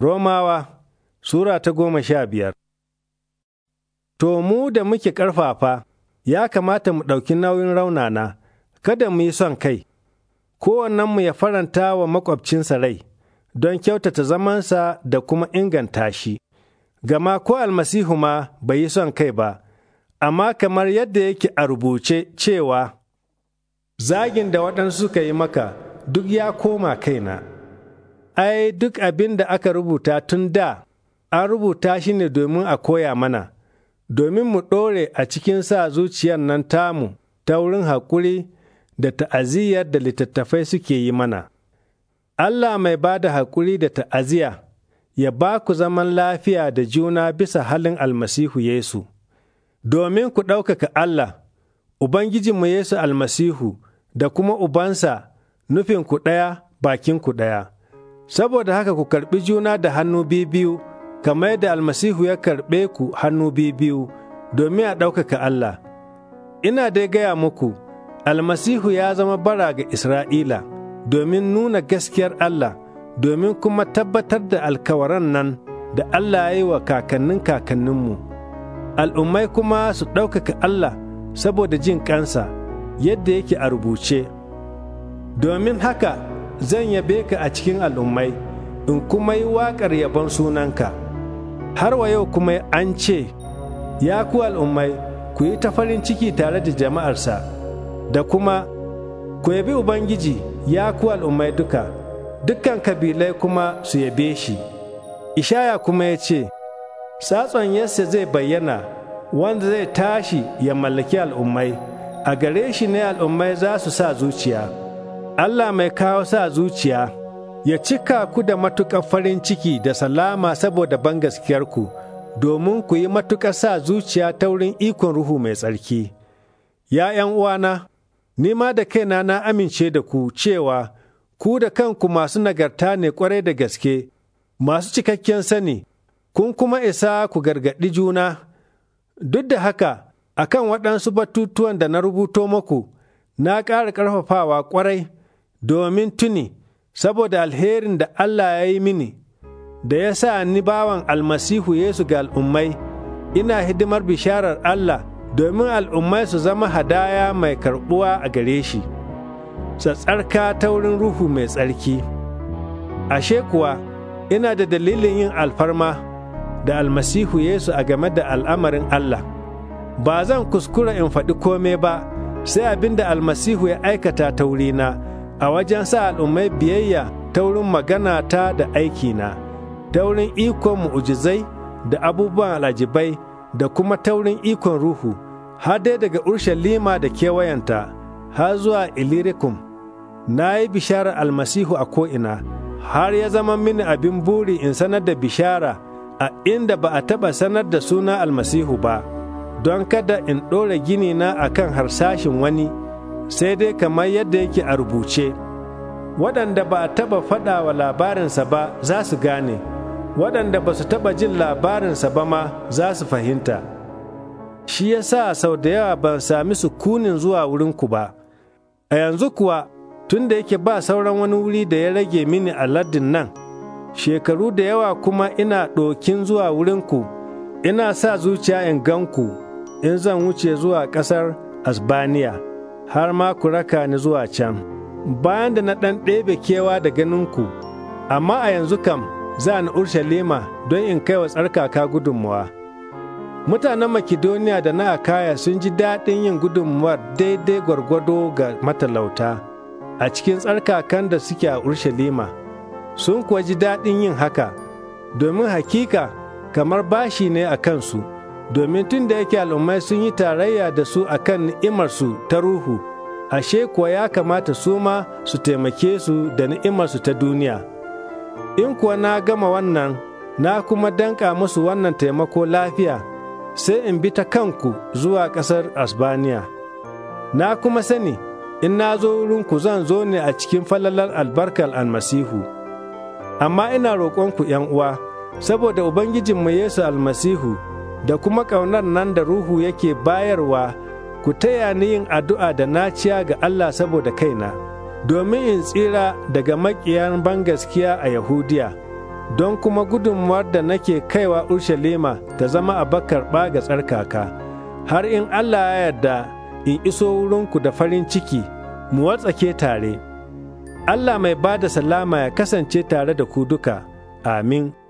Romawa Sura ta goma sha biyar To mu da muke ƙarfafa, ya kamata mu ɗauki nauyin raunana, kada mu yi son kai, mu ya faranta wa maƙwabcinsa rai, don kyautata zamansa da kuma inganta shi. Gama ko almasihu ma bai yi son kai ba, amma kamar yadda yake a rubuce cewa, Zagin da waɗansu suka yi maka duk ya koma kaina. ai, duk abin da aka rubuta tun da an rubuta shi ne domin a koya mana, domin mu ɗore a cikin sa zuciyar nan tamu ta wurin haƙuri da ta'aziyar da littattafai suke yi mana. Allah mai ba da haƙuri da ta'aziya ya ba ku zaman lafiya da juna bisa halin almasihu Yesu, domin ku ɗaukaka Allah, Ubangijinmu Yesu almasihu da kuma Ubansa nufin ku ɗaya bakin ku ɗaya. Saboda haka ku karɓi juna da hannu biyu kamar yadda almasihu ya karɓe ku hannu biyu domin a ɗaukaka Allah. Ina dai gaya muku, almasihu ya zama bara ga Isra'ila domin nuna gaskiyar Allah, domin kuma tabbatar da alkawaran nan da Allah ya yi wa kakannin kakanninmu. Al'ummai kuma su ɗaukaka Allah saboda jin kansa yadda yake a rubuce. Domin haka, zan yabe ka a cikin al'ummai in kuma yi waƙar yabon sunanka har wa yau kuma an ce ya ku al'ummai ku yi ta farin ciki tare da jama'arsa da kuma ku yabi ubangiji ya ku al'ummai duka dukkan kabilai kuma su yabe shi ishaya kuma ya ce satson yassa zai bayyana wanda zai tashi ya mallaki al'ummai a gare shi ne al'ummai za su sa zuciya Allah mai kawo sa zuciya ya cika ku da matuƙar farin ciki da salama saboda bangaskiyarku domin ku yi matuƙar sa zuciya ta wurin ikon Ruhu mai tsarki. Ya ’yan uwana, ni ma da kaina na amince da ku cewa ku da kanku masu nagarta ne kwarai da gaske, masu cikakken sani, kun kuma isa ku gargaɗi juna. Duk da haka, akan waɗansu batutuwan da na rubuto muku, na ƙara ƙarfafawa ƙwarai. domin tuni saboda alherin da Allah ya yi mini, da ya sa ni bawan almasihu Yesu ga al'ummai, ina hidimar bisharar Allah domin al'ummai su zama hadaya mai karɓuwa a gare shi, tsatsarka ta wurin Ruhu mai tsarki. Ashe kuwa, ina da dalilin yin alfarma da almasihu Yesu a game da al'amarin Allah. Ba zan kuskura in faɗi kome ba, sai abin da almasihu ya aikata ta wurina. a wajen sa al'ummai biyayya ta wurin magana ta da aikina, ta wurin ikon mu'ujizai da abubuwan alajibai da kuma ta wurin ikon ruhu, har dai daga Urshalima da kewayenta, har zuwa Ilirikum, na yi bishara almasihu a ko'ina, har ya zama mini abin buri in sanar da bishara a inda ba a taɓa sanar da suna almasihu ba, don kada in ɗora gini na akan harsashin wani. sai dai kamar yadda yake a rubuce waɗanda ba a taɓa faɗa wa labarinsa ba za su gane waɗanda ba su taɓa jin labarinsa ba ma za su fahimta shi ya sa sau da yawa ban sami sukunin zuwa wurinku ba a yanzu kuwa tun da yake ba sauran wani wuri da ya rage mini a laddin nan shekaru da yawa kuma ina ɗokin zuwa wurinku ina sa zuciya in ganku in zan wuce zuwa ƙasar asbaniya har ma ku raka ni zuwa can, bayan da na ɗan ɗebe kewa da ganinku, amma a yanzu kam za ni Urshalima don in kai wa tsarkaka gudunmuwa. Mutanen Makidoniya da na Akaya sun ji daɗin yin gudunmuwar daidai gwargwado ga matalauta a cikin tsarkakan da suke a Urshalima, sun kuwa ji daɗin yin haka, domin hakika kamar bashi ne a kansu. domin tun da yake al'ummai sun yi tarayya da su a kan ni'imarsu ta ruhu, ashe kuwa ya kamata su ma su taimake su da ni'imarsu ta duniya. In kuwa na gama wannan, na kuma danƙa musu wannan taimako lafiya, sai in bi ta kanku zuwa ƙasar Asbaniya. Na kuma sani, in na zo wurinku zan zo ne a cikin falalar albarkar almasihu. Amma ina roƙonku uwa, saboda Ubangijinmu Yesu almasihu, da kuma ƙaunar nan da Ruhu yake bayarwa, ku taya ni yin addu'a da naciya ga Allah saboda kaina, domin in tsira daga maƙiyan bangaskiya a Yahudiya, don kuma gudunmuwar da nake kaiwa Urshalima ta zama a abakar ga tsarkaka, har in Allah ya yarda in iso wurinku da farin ciki, mu watsake tare. Allah mai ba da salama ya kasance tare da ku duka. Amin.